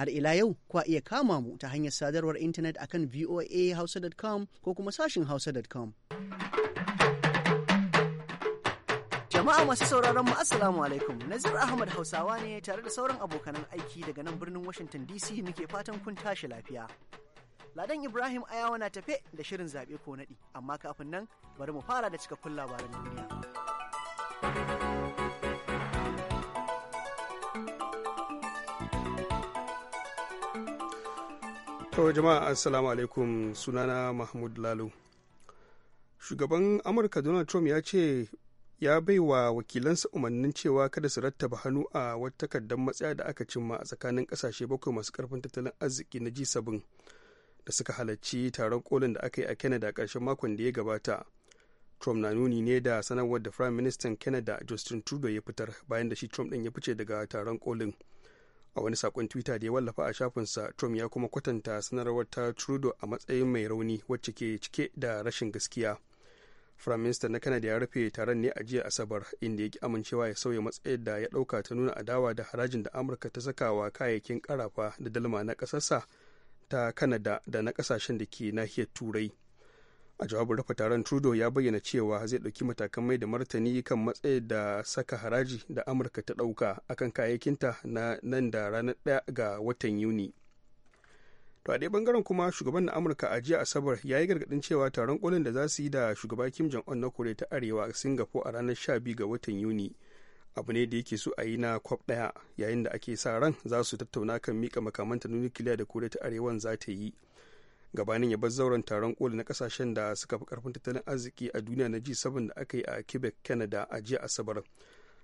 Har ila yau kwa iya kama mu ta hanyar sadarwar intanet akan voahausa.com ko kuma sashin hausa.com. Jama'a masu sauraron mu Assalamu alaikum. Nazir Ahmad Hausawa ne tare da sauran abokanan aiki daga nan birnin Washington DC muke fatan kun tashi lafiya. Ladan Ibrahim Ayawa na tafe da shirin zaɓe ko naɗi, amma kafin nan bari mu fara da cikakkun labaran duniya. To jama'a assalamu alaikum sunana Mahmud Lalo. Shugaban Amurka Donald Trump ya ce ya bai wa wakilansa umarnin cewa kada su rattaba hannu a wata takardar matsaya da aka cimma a tsakanin kasashe bakwai masu karfin tattalin arziki na G7 da suka halarci taron kolin da aka yi a Canada a ƙarshen makon da ya gabata. Trump na nuni ne da sanarwar da Prime Minister Canada Justin Trudeau ya fitar bayan da shi Trump din ya fice daga taron kolin. a wani sakon twitter da ya wallafa a shafinsa trump ya kuma kwatanta sanarwar ta trudeau a matsayin mai rauni wacce ke cike da rashin gaskiya firaminista na kanada ya rufe taron ne a jiya asabar inda ya ki amincewa ya sauya matsayar da ya dauka ta nuna adawa da harajin da amurka ta saka wa kayayyakin karafa da dalma na kasarsa ta kanada da na ƙasashen da ke nahiyar turai a jawabin rufe taron trudeau ya bayyana cewa zai ɗauki matakan mai da martani kan matsayi da saka haraji da amurka ta ɗauka akan kayayyakinta na nan da ranar ɗaya ga watan yuni to a ɗaya bangaren kuma shugaban na amurka a jiya asabar ya yi gargaɗin cewa taron kwallon da za su yi da shugaba kim jong un na koriya ta arewa a singapore a ranar sha biyu ga watan yuni abu ne da yake so a yi na kwab ɗaya yayin da ake sa ran za su tattauna kan mika makamanta nukiliya da koreya ta arewan za ta yi gabanin ya bar zauren taron koli na kasashen da suka fi karfin tattalin arziki a duniya na g7 da aka yi a quebec canada a jiya asabar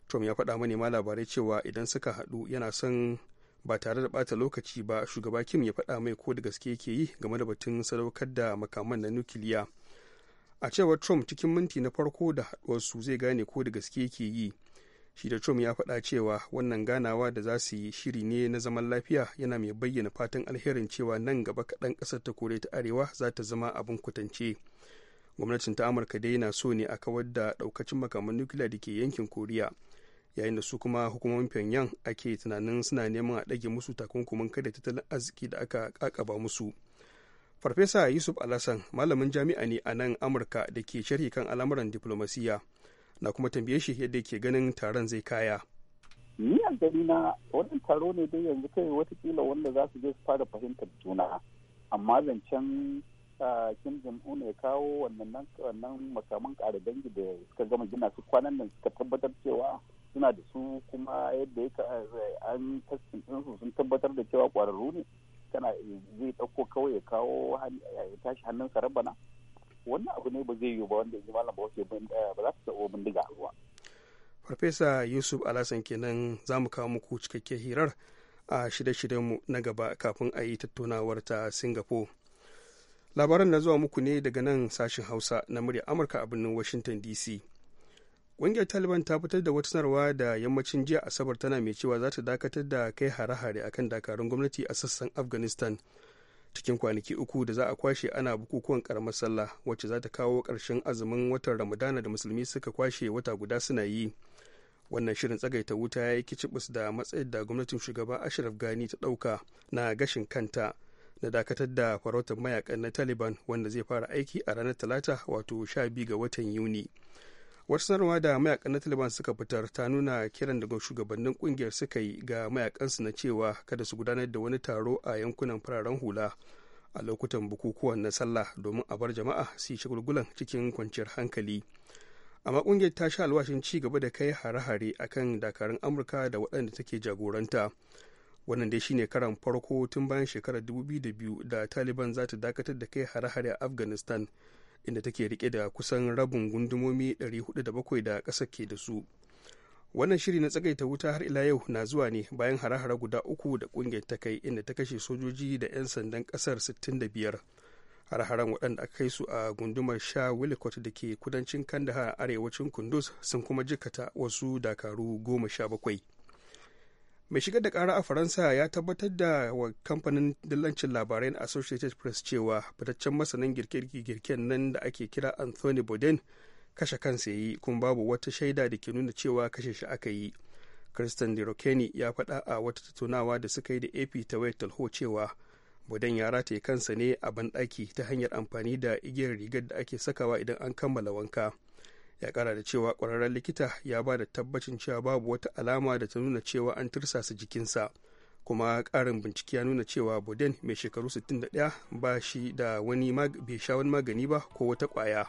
trump ya faɗa manema labarai cewa idan suka haɗu yana son ba tare da bata lokaci ba shugaba kim ya faɗa mai ko da gaske yake yi game da batun sadaukar da makaman na nukiliya a cewar trump cikin minti na farko da haɗuwarsu zai gane ko da gaske ke yi shi da trump ya faɗa cewa wannan ganawa da za su yi shiri ne na zaman lafiya yana mai bayyana fatan alherin cewa nan gaba kaɗan ƙasar ta kore ta arewa za ta zama abin kwatance gwamnatin ta amurka dai na so ne a kawar da ɗaukacin makaman nukiliya da ke yankin koriya yayin da su kuma hukumomin pyongyang ake tunanin suna neman a ɗage musu takunkumin kada tattalin arziki da aka ƙaƙaba musu farfesa yusuf alasan malamin jami'a ne a nan amurka da ke sharhi kan al'amuran diflomasiyya na kuma tambaye shi yadda ke ganin taron zai kaya ni a gari na wannan taro ne dai yanzu kai watakila wanda za su je su fara fahimtar juna amma zancen kim Un ya kawo wannan wannan makaman ƙara dangi da suka gama gina su kwanan nan suka tabbatar cewa suna da su kuma yadda ya an taskin ɗinsu sun tabbatar da cewa ƙwararru ne kana zai ɗauko kawai ya kawo ya tashi hannun sarabana wannan abu ne ba zai yiwu ba wanda malam ba eh, ba za su taɓa bindiga ruwa. farfesa yusuf alasan kenan za mu kawo muku cikakken hirar a shirye-shiryenmu na gaba kafin a yi tattaunawar ta singapore labaran na zuwa muku ne daga nan sashen hausa na murya amurka a birnin washington dc ƙungiyar taliban ta fitar da wata sanarwa da yammacin jiya asabar tana mai cewa za ta dakatar da kai hare-hare akan dakarun gwamnati a sassan afghanistan cikin kwanaki uku da za a kwashe ana bukukuwan karamar sallah wacce za ta kawo ƙarshen azumin watan ramadana da musulmi suka kwashe wata guda suna yi wannan shirin tsagaita wuta ya yi kicibis da matsayin da gwamnatin shugaba ashraf gani ta ɗauka na gashin kanta na dakatar da farautar mayakan na taliban wanda zai fara aiki a ranar talata wato 12 ga watan yuni wata sanarwa da mayakan na taliban suka fitar ta nuna kiran daga shugabannin kungiyar suka yi ga mayakansu na cewa kada su gudanar da wani taro a yankunan fararen hula a lokutan bukukuwan na sallah domin a bar jama'a su yi shagulgulan cikin kwanciyar hankali amma kungiyar ta sha alwashin ci gaba da kai hare-hare akan dakarun amurka da waɗanda take jagoranta wannan dai shine karan farko tun bayan shekarar 2002 da taliban za ta dakatar da kai hare-hare a afghanistan inda take rike da kusan rabin gundumomi 407 da ƙasar ke da su wannan shiri na tsagaita wuta har ila yau na zuwa ne bayan hare-hare guda uku da kungiyar ta kai inda ta kashe sojoji da 'yan sandan kasar 65 hare-haren waɗanda aka kai su a gundumar sha willicott da ke kudancin kandahar arewacin kundus sun kuma jikata wasu dakaru goma sha bakwai mai shigar da kara a faransa ya tabbatar da wa kamfanin dillancin labarai na associated press cewa fitaccen masanin girke-girken nan da ake kira anthony boden kashe kansa ya yi kuma babu wata shaida da ke nuna cewa kashe shi aka yi kristen dirokeni ya faɗa a wata tattaunawa da suka yi da ap ta wayar talho cewa boden ya rataye kansa ne a banɗaki ta hanyar amfani da igiyar rigar da ake sakawa idan an kammala wanka ya kara da cewa kwararren likita ya ba da tabbacin cewa babu wata alama da ta nuna cewa an tursasa jikinsa kuma karin bincike ya nuna cewa boden mai shekaru 61 ba shi da wani bai sha wani magani ba ko wata kwaya.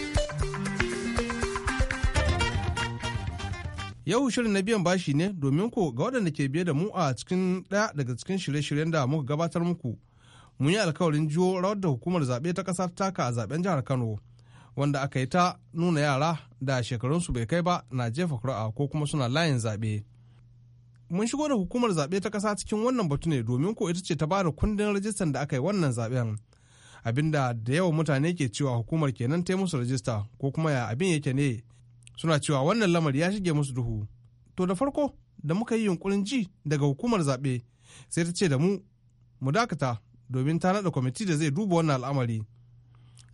Yau shirin na biyan bashi ne domin ko ga waɗanda ke biye da mu a cikin ɗaya daga cikin shirye-shiryen da muka gabatar muku. Mun yi alkawarin jiwo rawar da hukumar zaɓe ta ƙasa taka a zaɓen jihar Kano wanda aka yi ta nuna yara da shekarunsu bai kai ba na jefa kura'a ko kuma suna layin zaɓe. Mun shigo da hukumar zaɓe ta ƙasa cikin wannan batu ne domin ko ita ce ta bada kundin rajistan da aka yi wannan zaɓen. Abinda da yawan mutane ke cewa hukumar kenan ta musu rajista ko kuma ya abin yake ne suna cewa wannan lamari ya shige musu duhu to da farko da muka yi yunkurin ji daga hukumar zaɓe sai ta ce da mu mu dakata domin ta naɗa kwamiti da zai duba wannan al'amari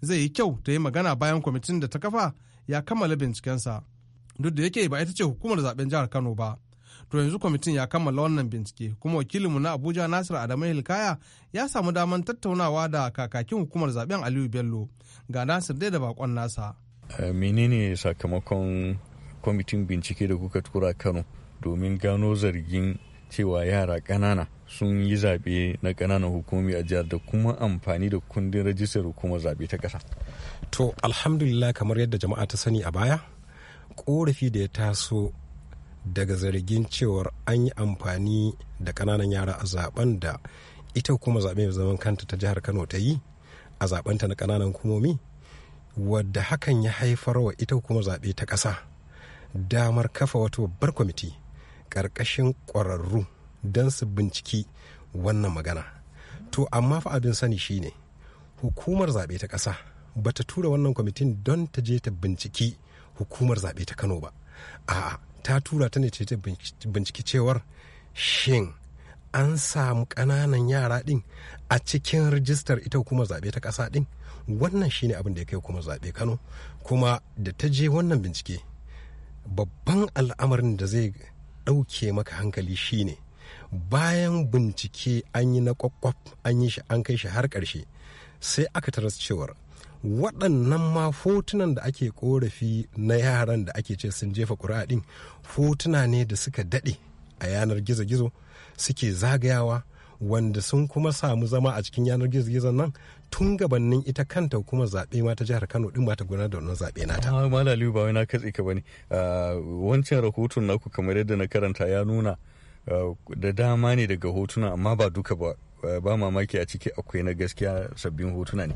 zai yi kyau ta yi magana bayan kwamitin da ta kafa ya kammala bincikensa duk da yake ba ita ce hukumar zaɓen jihar kano ba to yanzu kwamitin ya kammala wannan bincike kuma wakilinmu na abuja nasir adamu hilkaya ya samu damar tattaunawa da kakakin hukumar zaɓen aliyu bello ga nasir dai da bakon nasa Eh, menene sakamakon kwamitin bincike da kuka tura kano domin gano zargin cewa yara ƙanana sun yi zaɓe na ƙananan hukumi a jihar da kuma amfani da kundin rajistar hukumar zaɓe ta ƙasa. To alhamdulillah kamar yadda jama'a ta sani a baya ƙorafi da ya taso daga zargin cewar an yi amfani da ƙananan yara a zaben da ita kuma zaɓe zaman kanta ta jihar Kano ta yi a zaɓenta na ƙananan hukumomi wadda hakan ya haifar wa ita kuma zaɓe ta ƙasa damar kafa wata babbar kwamiti ƙarƙashin ƙwararru don su binciki wannan magana to amma fa abin sani shine hukumar zaɓe ta ƙasa ba ta tura wannan kwamitin don ta je ta binciki hukumar zaɓe ta kano ba a'a ta tura ta ne ta binciki cewar shin an samu ƙananan yara ɗin a cikin rijistar ita hukumar zaɓe ta ƙasa ɗin wannan shine abin da ya kai kuma zaɓe kano kuma da ta je wannan bincike babban al'amarin da zai ɗauke maka hankali shine bayan bincike an yi na kwakwaf an yi shi an kai shi har ƙarshe sai aka taras cewar waɗannan ma fotunan da ake ƙorafi na yaran da ake ce sun jefa ƙuri'a ɗin fotuna ne da suka daɗe a yanar gizo-gizo suke zagayawa wanda sun kuma samu zama a cikin yanar gizo-gizon nan tun gabanin ita kanta kuma zaɓe ma jihar Kano din ba ta gudanar da wannan zaɓe nata. Ah, Malaliyu ba wai na katse ka bane. Ah, wancan rahoton naku kamar yadda na karanta ya nuna ah, da dama ne daga hotuna amma ba duka ba ah, ba mamaki a ciki akwai na gaskiya sabbin hotuna ne.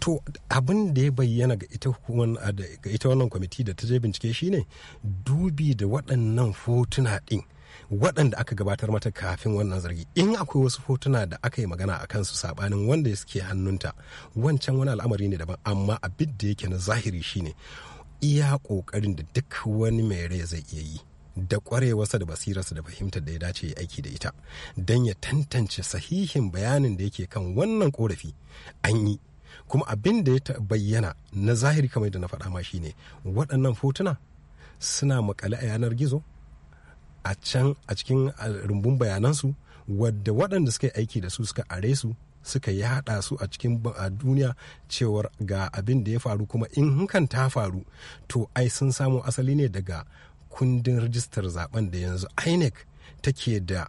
to abin da ya bayyana ga ita hukumar ga ita wannan kwamiti da ta je bincike shine dubi da waɗannan hotuna ɗin waɗanda aka gabatar mata kafin wannan zargi in akwai wasu hotuna da aka yi magana a kansu saɓanin wanda suke hannunta wancan wani al'amari ne daban amma abin da yake na zahiri shine iya ƙoƙarin da duk wani mai rai zai iya yi da ƙwarewarsa da basirarsa da fahimtar da ya dace ya aiki da ita don ya tantance sahihin bayanin da yake kan wannan ƙorafi an yi kuma abin da ya bayyana na zahiri kamar da na faɗa ma shine waɗannan hotuna suna makale a yanar gizo a can a cikin rumbun bayanansu wadda waɗanda suka yi aiki da su suka are su suka yaɗa su a cikin duniya cewar ga abin da ya faru kuma in hankan ta faru to ai sun samu asali ne daga kundin rijistar zaben da yanzu inec take da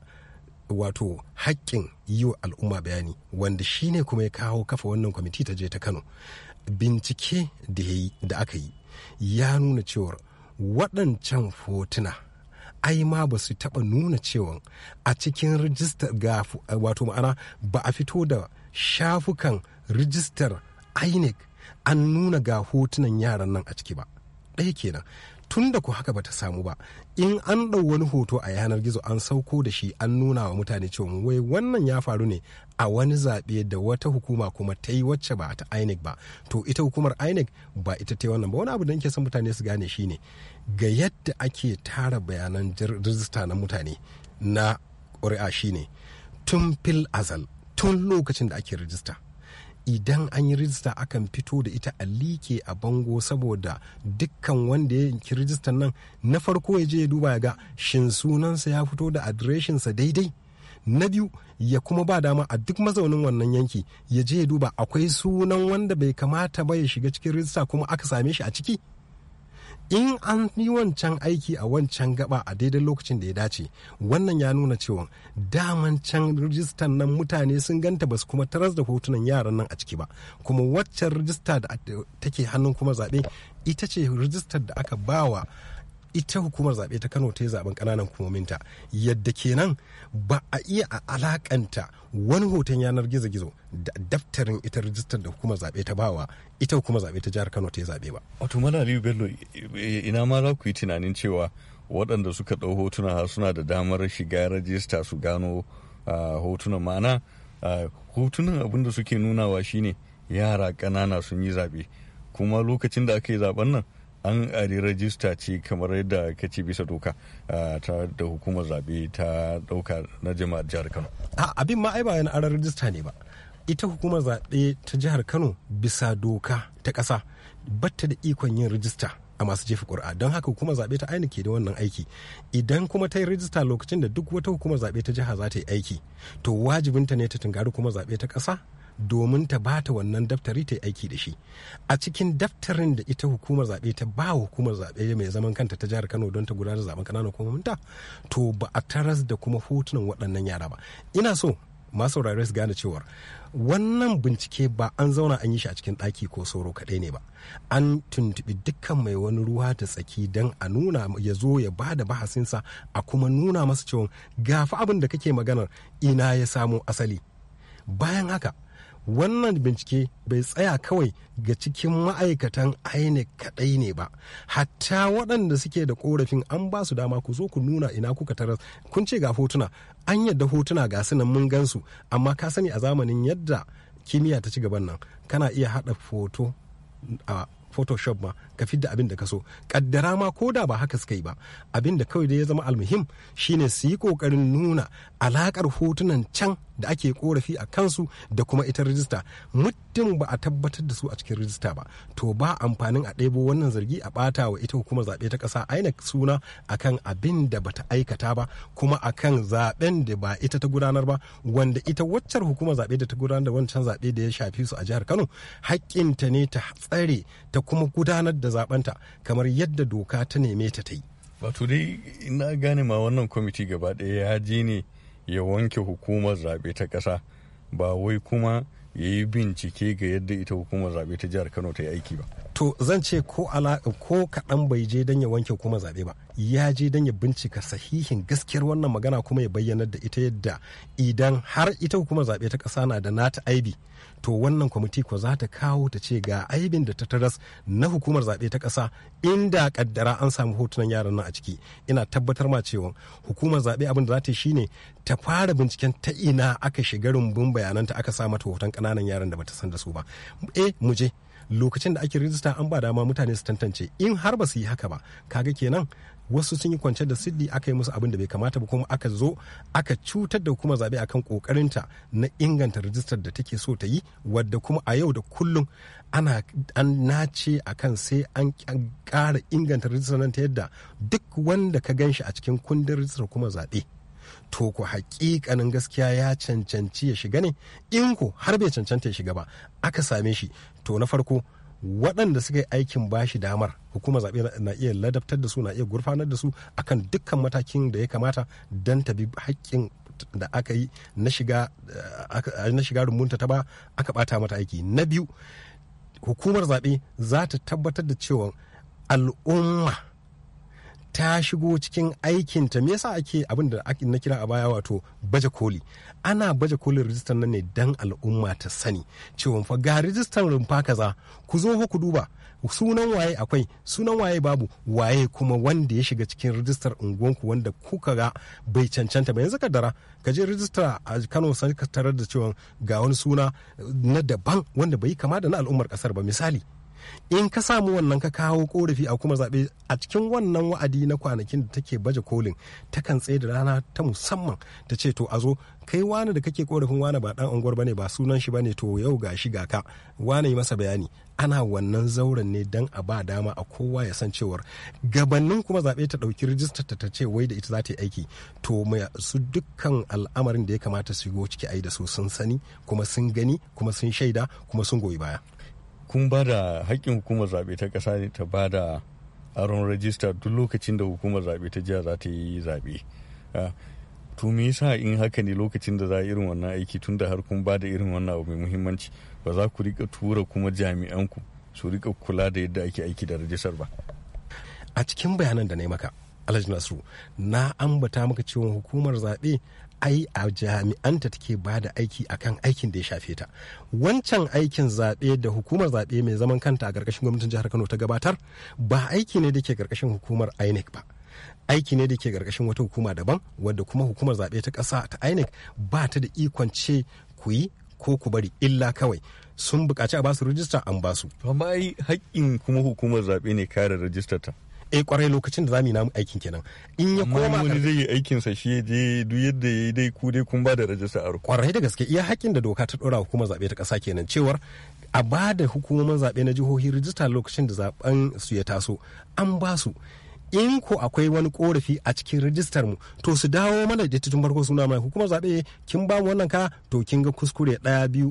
wato haƙƙin yi wa al'umma bayani wanda shi ne kuma ya kawo kafa wannan kwamiti ta je ta kano bincike da aka yi ya nuna cewar waɗancan hotuna ai ma ba su taɓa nuna cewa a cikin rijistar ga eh, wato ma'ana ba a fito da shafukan rijistar inec an nuna ga hotunan yaran nan a ciki ba ɗaya kenan tun da ku haka bata samu ba in an ɗau wani hoto a yanar gizo an sauko da shi an nuna wa mutane cewa wai wannan ya faru ne a wani zaɓe da wata hukuma kuma ta yi wacce ba ta INEC ba to ita hukumar INEC ba ita ta wannan ba wani abu da nake son mutane su gane shine ga yadda ake tara bayanan rijista na mutane na ƙuri'a shine tun fil azal tun lokacin da ake rijista idan an yi rijista akan fito da ita a like a bango saboda dukkan wanda ya yi rijistar nan na farko ya je ya duba ya ga shin sunansa ya fito da adireshinsa daidai na biyu ya kuma ba dama a duk mazaunin wannan yanki ya je ya duba akwai sunan wanda bai kamata ba ya shiga cikin rijista kuma aka same shi a ciki in an yi wancan aiki a wancan gaba a daidai lokacin da ya dace wannan ya nuna cewa daman can rijistan nan mutane sun ganta ba su kuma taras da hotunan yaran nan a ciki ba kuma waccan rijista da take hannun kuma zaɓe ita ce rijistar da aka bawa ita hukumar zaɓe ta kano ta yi zaɓen ƙananan hukumominta yadda kenan ba a iya a alakanta wani hoton yanar gizo-gizo da daftarin ita rijistar da hukumar zaɓe ta bawa ita kuma zaɓe ta jihar Kano ta yi zaɓe ba. Wato Aliyu Bello ina ma za ku yi tunanin cewa waɗanda suka ɗau hotuna suna da damar shiga rajista su gano hotunan ma'ana hotunan abin suke nunawa shine yara ƙanana sun yi zaɓe kuma lokacin da aka yi zaɓen nan an ari rajista ce kamar yadda ka ce bisa doka ta da hukumar zaɓe ta ɗauka na jama'ar jihar Kano. Abin ma ai ba yana ara rajista ne ba. ita hukumar zaɓe ta jihar kano bisa doka ta ƙasa batta da ikon yin rijista a masu jefa ƙuri'a don haka hukumar zaɓe ta aini ke da wannan aiki idan kuma ta yi rijista lokacin da duk wata hukumar zaɓe ta jiha za ta yi aiki to wajibinta ne ta tungari hukumar zaɓe ta ƙasa domin ta ba ta wannan daftari ta yi aiki da shi a cikin daftarin da ita hukumar zaɓe ta ba hukumar zaɓe mai zaman kanta ta jihar kano don ta gudanar zaɓen ƙananan hukumominta to ba a taras da kuma hotunan waɗannan yara ba ina so masu saurare gane cewar wannan bincike ba an zauna an yi shi a cikin ɗaki ko sauro kaɗai ne ba an tuntuɓi dukkan mai wani ruwa da tsaki don a nuna ya zo ya ba da bahasinsa a kuma nuna masa cewa gafi abin da kake maganar ina ya samo asali bayan haka wannan bincike bai tsaya kawai ga cikin ma'aikatan INEC kaɗai ne ba hatta waɗanda suke da korafin an ba su dama ku zo ku nuna ina kuka tarar kun ce ga hotuna an yadda hotuna ga sunan mun gansu amma ka sani a zamanin yadda kimiyya ta ci gaban nan kana iya haɗa foto a photoshop ma ka fidda abin da ka so kaddara ma ko da ba haka suka yi ba abin da kawai da ya zama almuhim shine su yi kokarin nuna alaƙar hotunan can da ake korafi a kansu da kuma ita rijista muddin ba a tabbatar da su a cikin rijista ba to ba amfanin a ɗebo wannan zargi a ɓata wa ita hukumar zaɓe ta ƙasa INEC suna akan abin da bata aikata ba kuma akan zaɓen da ba ita ta gudanar ba wanda ita waccar hukumar zaɓe da ta gudanar da wancan zaɓe da ya shafi su a jihar Kano haƙƙinta ne ta tsare ta kuma gudanar da zaɓenta kamar yadda doka ta neme ta ta yi. Wato dai na gane ma wannan kwamiti gaba ɗaya ya je ne ya wanke hukumar zaɓe ta ƙasa ba wai kuma ya yi bincike ga yadda ita hukumar zaɓe ta jihar kano ta yi aiki ba to zan ce ko kaɗan bai je don ya wanke hukumar zaɓe ba ya je don ya bincika sahihin gaskiyar wannan magana kuma ya bayyana da ita yadda idan har ita hukumar zaɓe ta ƙasa na da nata aibi to wannan kwamiti ko za ta kawo ta ce ga aibin da ta taras na hukumar zaɓe ta ƙasa inda kaddara an samu hotunan yaran nan a ciki ina tabbatar ma cewa hukumar zaɓe abin da za ta yi shine ta fara binciken ta ina aka shiga rumbun bayananta aka sa mata hoton ƙananan yaran da bata san da su ba eh mu je lokacin da ake rijista an ba dama mutane su tantance in har ba su yi haka ba kaga kenan wasu sun yi kwance da siddi aka yi musu abin da bai kamata ba kuma aka zo aka cutar da kuma zaɓe akan kokarinta na inganta rijistar da take so ta yi wadda kuma a yau da kullum ana an nace akan sai an ƙara inganta rijistar nan ta yadda duk wanda ka ganshi a cikin kundin rajistar kuma zaɓe to ku hakikanin gaskiya ya cancanci ya shiga ne in ku har bai cancanta ya shiga ba aka same shi to na farko waɗanda suka yi aikin bashi damar hukuma zaɓe na iya ladabtar da su na iya gurfanar da su akan dukkan matakin da ya kamata don ta bi haƙƙin da aka yi na shiga eh, eh, rumunta ta ba aka ɓata mata aiki na biyu hukumar zaɓe za ta tabbatar da cewa al'umma ta shigo cikin aikinta me yasa ake abin da na kira a baya wato baje koli ana baje kolin rijistar nan ne dan al'umma ta sani cewa fa ga rijistar rumfa kaza ku zo ku duba sunan waye akwai sunan waye babu waye kuma wanda ya shiga cikin rijistar unguwanku wanda kuka ga bai cancanta ba yanzu ka dara ka je rijistar a Kano sai ka tarar da cewa ga wani suna na daban wanda bai kama da na al'ummar kasar ba misali in ka samu wannan ka kawo korafi a kuma zaɓe a cikin wannan wa'adi na kwanakin da take baje kolin takan tsaye da rana ta musamman ta ce to a zo kai wani da kake korafin wani ba dan unguwar bane ba sunan shi bane to yau ga shi ga ka wani yi masa bayani ana wannan zauren ne dan a ba dama a kowa ya san cewar gabanin kuma zaɓe ta ɗauki rijistar ta ce wai da ita za ta yi aiki to su dukkan al'amarin da ya kamata su yi ciki a yi da su sun sani kuma sun gani kuma sun shaida kuma sun goyi baya. kun ba da haƙƙin hukumar zaɓe ta ƙasa ne ta ba da aron rajista duk lokacin da hukumar zaɓe ta jiya za ta yi zaɓe ah, to me yasa in haka ne lokacin da za a irin wannan aiki tun da har kun ba da irin wannan abu mai muhimmanci ba za ku rika tura kuma jami'anku su rika kula da yadda ake aiki da rajistar ba a cikin bayanan da na yi maka alhaji nasiru na ambata maka cewa hukumar zaɓe ai a jami'anta take ba da aiki akan aikin da ya shafe ta wancan aikin zaɓe da hukumar zaɓe mai zaman kanta a ƙarƙashin gwamnatin jihar kano ta gabatar ba aiki ne da ke ƙarƙashin hukumar inec ba aiki ne da ke ƙarƙashin wata hukuma daban wadda kuma hukumar zaɓe ta ƙasa ta inec ba ta da ikon ce ku yi ko ku bari illa kawai sun buƙaci a basu rijista an basu. amma ai haƙƙin kuma hukumar zaɓe ne kare rijistar ta. eh kwarai lokacin da za mu yi namu aikin kenan in ya koma wani zai yi aikin sa shi je duk yadda ya yi dai ku dai kun ba da rajista a kwarai da gaske iya hakkin da doka ta dora hukumar zabe ta kasa kenan cewar a ba da hukumomin zabe na jihohi rajista lokacin da zaben su ya taso an ba su in ko akwai wani korafi a cikin rajistar mu to su dawo mana da tun farko suna mai hukumar zabe kin ba mu wannan ka to kin ga kuskure 1 2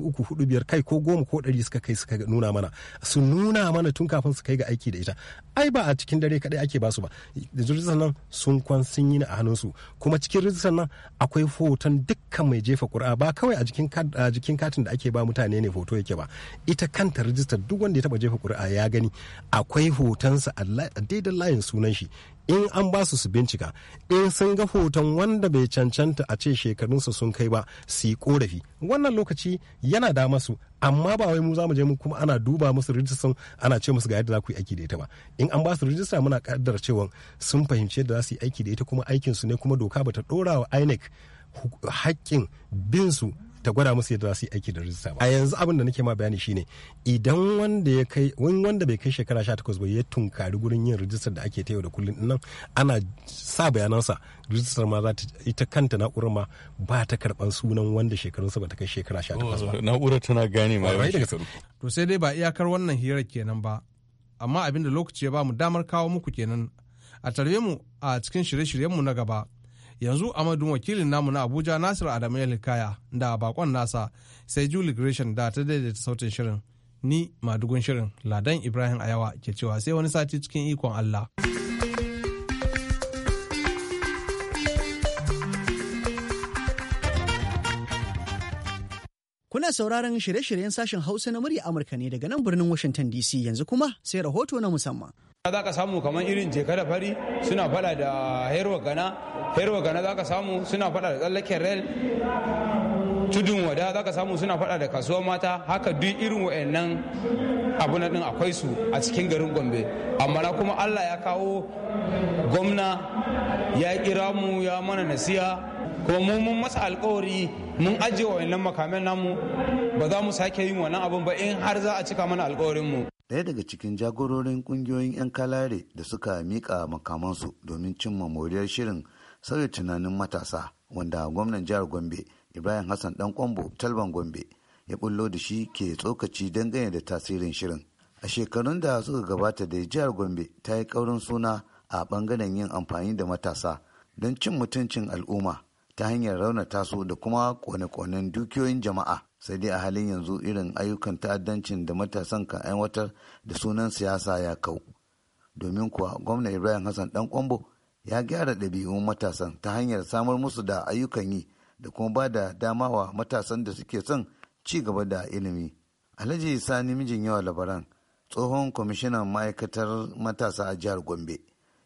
3 4 5 kai ko 10 ko 100 suka kai suka nuna mana su nuna mana tun kafin su kai ga aiki da ita ai ba a cikin dare kadai ake basu ba rijistar nan sun kwan sun yi na a hannunsu kuma cikin rijistar nan akwai hoton dukkan mai jefa ƙuri'a ba kawai a jikin jikin katin da ake ba mutane ne hoto yake ba ita kanta rijistar duk wanda ya taba jefa ƙuri'a ya gani akwai hotonsa a daidan layin sunan shi in an ba su su bincika in sun ga hoton wanda bai cancanta a ce shekarunsa sun kai ba su yi korafi wannan lokaci yana da masu amma ba wai mu za mu je mu kuma ana duba musu rijistar ana ce musu ga yadda za ku yi aiki da ita ba in an ba su rijista muna kaddar cewa sun fahimci yadda za su yi aiki da ita kuma aikinsu ne kuma doka ba ta dora wa INEC hakkin bin su ta gwada musu yadda za su yi aiki da rijista ba a yanzu abin da nake ma bayani shine idan wanda ya kai wanda bai kai shekara 18 ba ya tunkari gurin yin rijistar da ake ta yau da kullun nan ana sa bayanansa rijistar ma za ta ita kanta na'urar ma ba ta karban sunan wanda shekarunsa ba ta kai shekara 18 ba oh, na'urar tana gane ma yawan shekaru to sai dai ba iyakar wannan hirar kenan ba amma abin da lokaci ya ba mu damar kawo muku kenan a tarbe mu a cikin shirye-shiryenmu na gaba yanzu amadu wakilin namu na abuja nasir adamu hikaya da bakon nasa sai julie gresham da ta daidaita sautin shirin ni madugun shirin ladan ibrahim ayawa ke cewa sai wani sati cikin ikon allah sauraron shirye-shiryen sashen Hausa na murya Amurka ne daga nan birnin Washington DC yanzu kuma sai rahoto na musamman. za ka samu kamar irin jeka da fari suna fada da herwa gana herwa gana za ka samu suna fada da tsallaken rel tudun wada za ka samu suna fada da kasuwar mata haka duk irin wa'annan abu na din akwai su a cikin garin gombe amma na kuma allah ya kawo gwamna ya kira mu ya mana nasiya kuma mun masa alkawari mun ajiye wa wa'annan makamai namu ba za mu sake yin wannan abin ba in har za a cika mana alkawarin mu daya daga cikin jagororin ƙungiyoyin 'yan kalare da suka mika makamansu domin cimma moriyar shirin sauya tunanin matasa wanda gwamnan jihar gombe ibrahim hassan dan kwambo talban gombe ya bullo da shi ke tsokaci dangane da tasirin shirin a shekarun da suka gabata da jihar gombe ta yi ƙaurin suna a bangaren yin amfani da matasa don cin mutuncin al'umma ta hanyar raunata su da kuma kone-konen dukiyoyin jama'a sai dai a halin yanzu irin ayyukan ta'addancin da matasan kan aiwatar da sunan siyasa ya kau domin kuwa gwamna ibrahim hassan dan kwambo ya gyara ɗabi'un matasan ta hanyar samar musu da ayyukan yi da kuma ba da dama wa matasan da suke son ci gaba da ilimi alhaji sani mijin yawa labaran tsohon kwamishinan ma'aikatar matasa a jihar gombe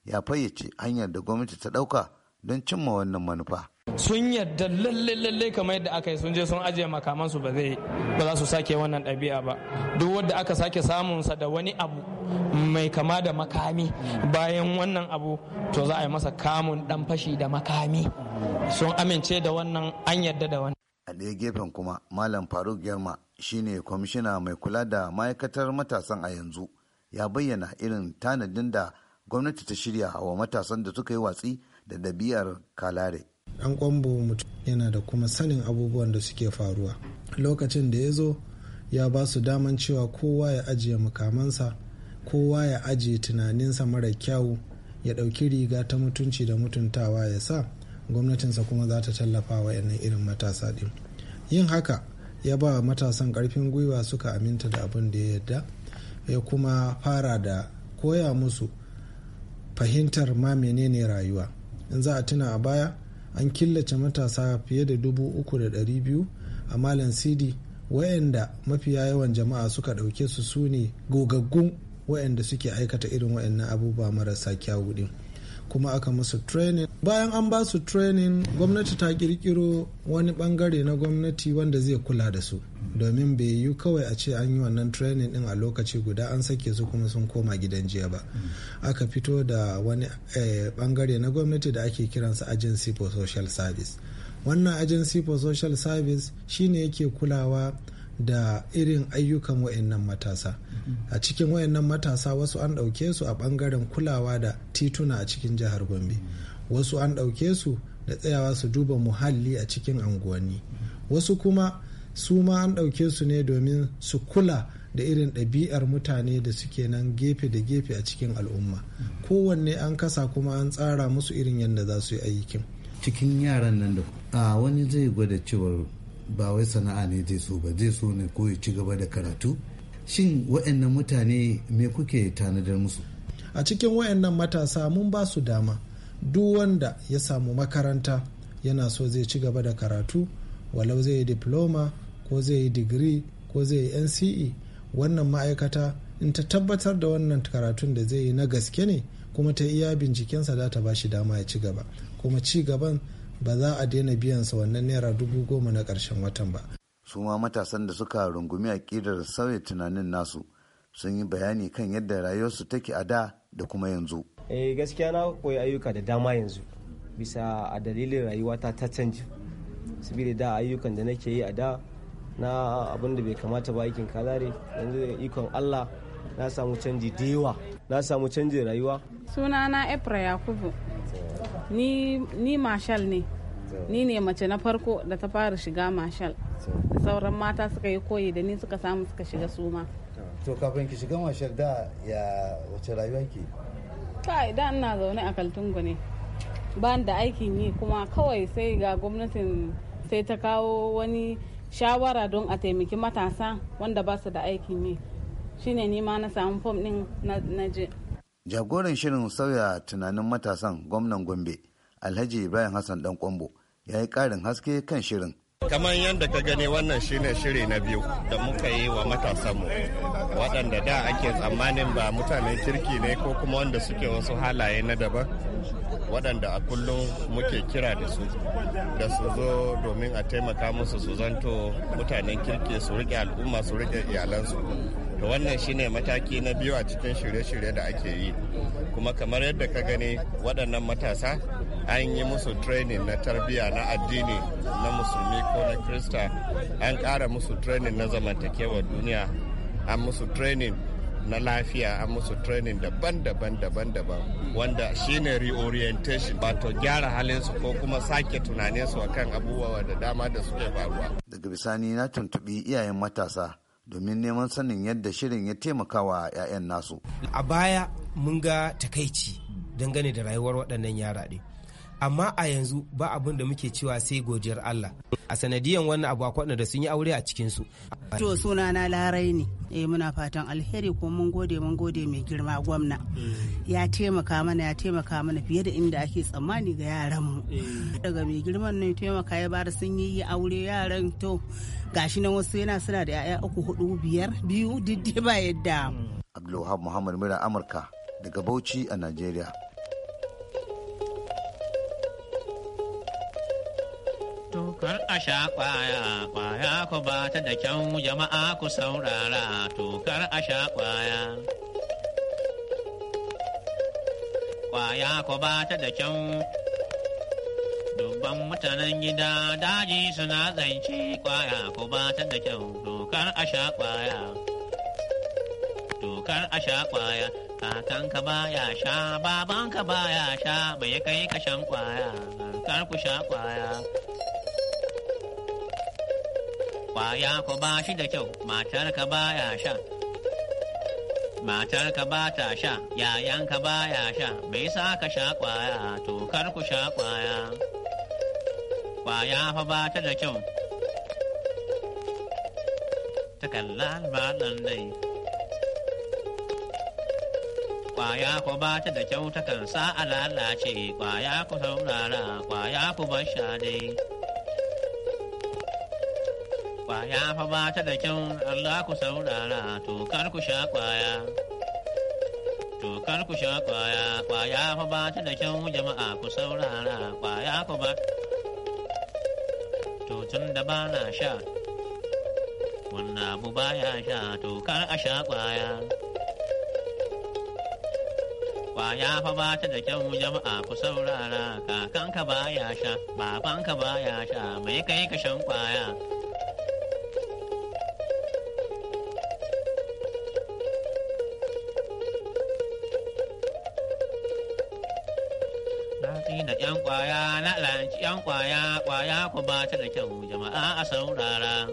ya fayyace hanyar da gwamnati ta ɗauka don cimma wannan manufa sun yadda lalle lalle kamar yadda aka yi sun je sun ajiye makamansu ba zai ba za su sake wannan ɗabi'a ba duk wanda aka sake samunsa da wani abu mai kama da makami bayan wannan abu to za a yi masa kamun dan fashi da makami sun amince da wannan an yadda da wannan a ɗaya gefen kuma malam faruk yarma shine kwamishina mai kula da ma'aikatar matasan a yanzu ya bayyana irin tanadin da gwamnati ta shirya wa matasan da suka yi watsi da ɗabi'ar kalare dan kwambo mutum yana da kuma sanin abubuwan da suke faruwa lokacin da ya zo ya ba su daman cewa kowa ya ajiye mukamansa kowa ya ajiye tunaninsa mara kyawu ya ɗauki riga ta mutunci da mutuntawa ya sa gwamnatinsa kuma za ta tallafa wa irin matasa ɗin yin haka ya ba matasan karfin gwiwa suka aminta da abin da ya yadda ya kuma fara da koya musu fahimtar ma menene rayuwa in za a tuna a baya an killace matasa fiye da dubu a malam sidi wayanda mafiya yawan jama'a suka ɗauke su su ne gogaggun wayanda suke aikata irin wayannan abubuwa marasa kyawu din kuma aka musu training bayan an ba su training gwamnati ta kirkiro wani bangare na gwamnati wanda zai kula da su domin bai yi kawai a ce an yi wannan training din a lokaci guda an sake su kuma sun koma gidan jiya ba aka fito da wani eh, bangare na gwamnati da ake kiransa agency for social service wannan agency for social service shine yake kulawa da irin ayyukan wayannan matasa a cikin wayannan matasa wasu an ɗauke su a ɓangaren kulawa da tituna a cikin jihar gombe wasu an ɗauke su da tsayawa su duba muhalli a cikin anguwanni wasu kuma su ma an ɗauke su ne domin su kula da irin ɗabi'ar mutane da suke nan gefe da gefe a cikin al'umma kowanne an kasa kuma an tsara musu irin yadda za su yi aikin cikin yaran nan da wani zai gwada cewar ba wai sana'a ne zai so ba zai so ne ko ci gaba da karatu shin wa'annan mutane me kuke tanadar musu a cikin wa'annan matasa mun ba su dama duk wanda ya samu makaranta yana so zai ci gaba da karatu walau zai yi diploma ko zai yi digiri ko zai yi nce wannan ma'aikata in ta tabbatar da wannan karatun da zai yi na gaske ne kuma ta iya bincikensa za ta ba shi dama ya ci gaba kuma ci gaban ba za a daina biyan sa wannan naira dubu goma na karshen watan ba. su ma matasan da suka rungumi a aƙidar sauya tunanin nasu sun yi bayani kan yadda rayuwarsu take a da da kuma yanzu. eh gaskiya na koyi ayyuka da dama yanzu bisa a dalilin rayuwata ta canji saboda da ayyukan da nake yi a da na abin da bai kamata ba aikin kalare yanzu ikon allah na samu canji da yawa na samu canjin rayuwa na efra yakubu ni, ni marshal ne ni ne mace na farko da ta fara shiga marshal da sauran mata suka yi koyi da ni suka samu suka shiga suma to kafin ki shiga marshal da ya wace rayuwa ke kai da ina zaune a kaltungu ne ban da aikin yi kuma kawai sai ga gwamnatin sai ta kawo wani shawara don a taimaki matasa wanda ba su da aikin yi shine ni ma na samu fom din na je jagoran shirin sauya tunanin matasan gwamnan gombe alhaji bayan hassan dan kwambo ya yi karin haske kan shirin kamar yadda ka gani wannan shine shiri na biyu da muka yi wa matasanmu waɗanda da ake tsammanin ba mutanen kirki ne ko kuma wanda suke wasu halaye na daban waɗanda a kullum muke kira da su da su zo domin a taimaka musu su zanto mutanen kirki su riƙe al'umma su riƙe iyalansu to wannan shine mataki na biyu a cikin shirye-shirye da ake yi kuma kamar yadda ka gani waɗannan matasa an yi musu training na tarbiyya na addini na musulmi ko na krista an ƙara musu training na zamantakewar duniya an musu training na lafiya an musu training daban-daban daban-daban wanda shine reorientation wato gyara halinsu ko kuma sake tunaninsu akan abubuwa da dama da suke faruwa daga bisani na tuntubi iyayen matasa domin neman sanin yadda shirin ya taimaka wa 'ya'yan nasu. A baya mun ga takaici dangane da rayuwar waɗannan yara ɗin. amma a yanzu ba abin da muke cewa sai godiyar Allah a sanadiyan wannan abu akwai da sun yi aure a cikin su to suna na larai ne eh muna fatan alheri ko mun gode mun gode mai girma gwamna eh. ya taimaka mana ya taimaka mana fiye da inda ake tsammani ga yaran mu eh. daga mai girman ne taimaka ya bar sun yi aure yaran to gashi nan wasu yana suna da 'ya'ya uku hudu biyar biyu ba yadda mm. Abdulwahab Muhammad Mira Amurka daga Bauchi a Najeriya. kar a sha kwaya kwaya ku ba ta da kyau jama'a ku saurara to kar a sha kwaya kwaya ku ba ta da kyau dubban mutanen gida daji suna zance kwaya ku ba ta da kyau dokar a sha kwaya dokar a sha kwaya kakan ba ya sha baban ba ya sha bai kai kashan kwaya kar ku sha kwaya kwaya ku ba shi da kyau matar ka baya sha matar ka ba ta sha yayan ka baya sha me yasa ka sha kwaya to kar ku sha kwaya kwaya fa ba ta da kyau ta kalla malan dai kwaya ku ba ta da kyau ta kan sa a lalace kwaya ku saurara kwaya ku bar sha dai kwaya fa ba ta da kyan Allah ku saurara to kar ku sha kwaya. To kar ku sha kwaya kwaya fa ba ta da kyan jama'a ku saurara kwaya ku ba. To tun da ba na sha wannan abu baya sha to kar a sha kwaya. Kwaya fa ba ta da kyau jama'a ku saurara kakanka baya sha babanka baya sha mai kai ka shan kwaya. na ƴan kwaya na lanci yan kwaya ƙwaya ku ba ta da kyau jama'a a saurara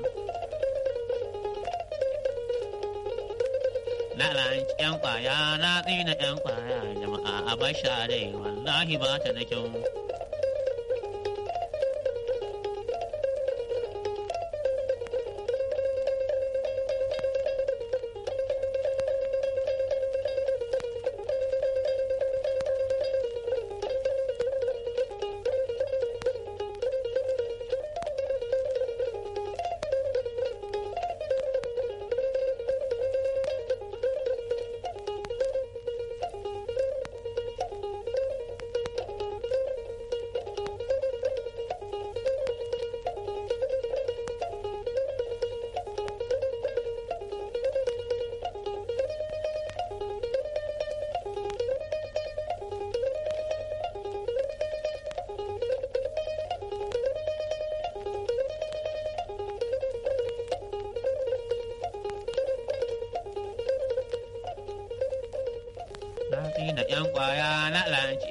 na lanci ƴan kwaya na tsina yan kwaya jama'a a basharai wallahi ba ta da kyau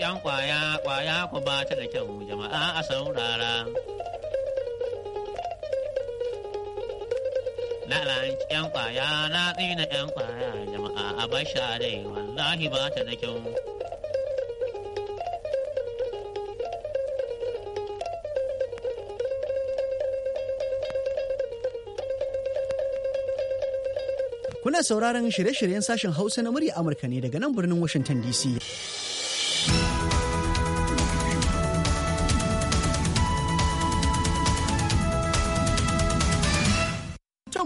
yan kwaya kwaya ku ba ta da kyau jama'a a saurara. Lalan yan kwaya na tsina yan kwaya jama'a a basha dai wallahi ba ta da kyau. Kuna sauraron shirye-shiryen sashen Hausa na murya Amurka ne daga nan birnin Washington DC.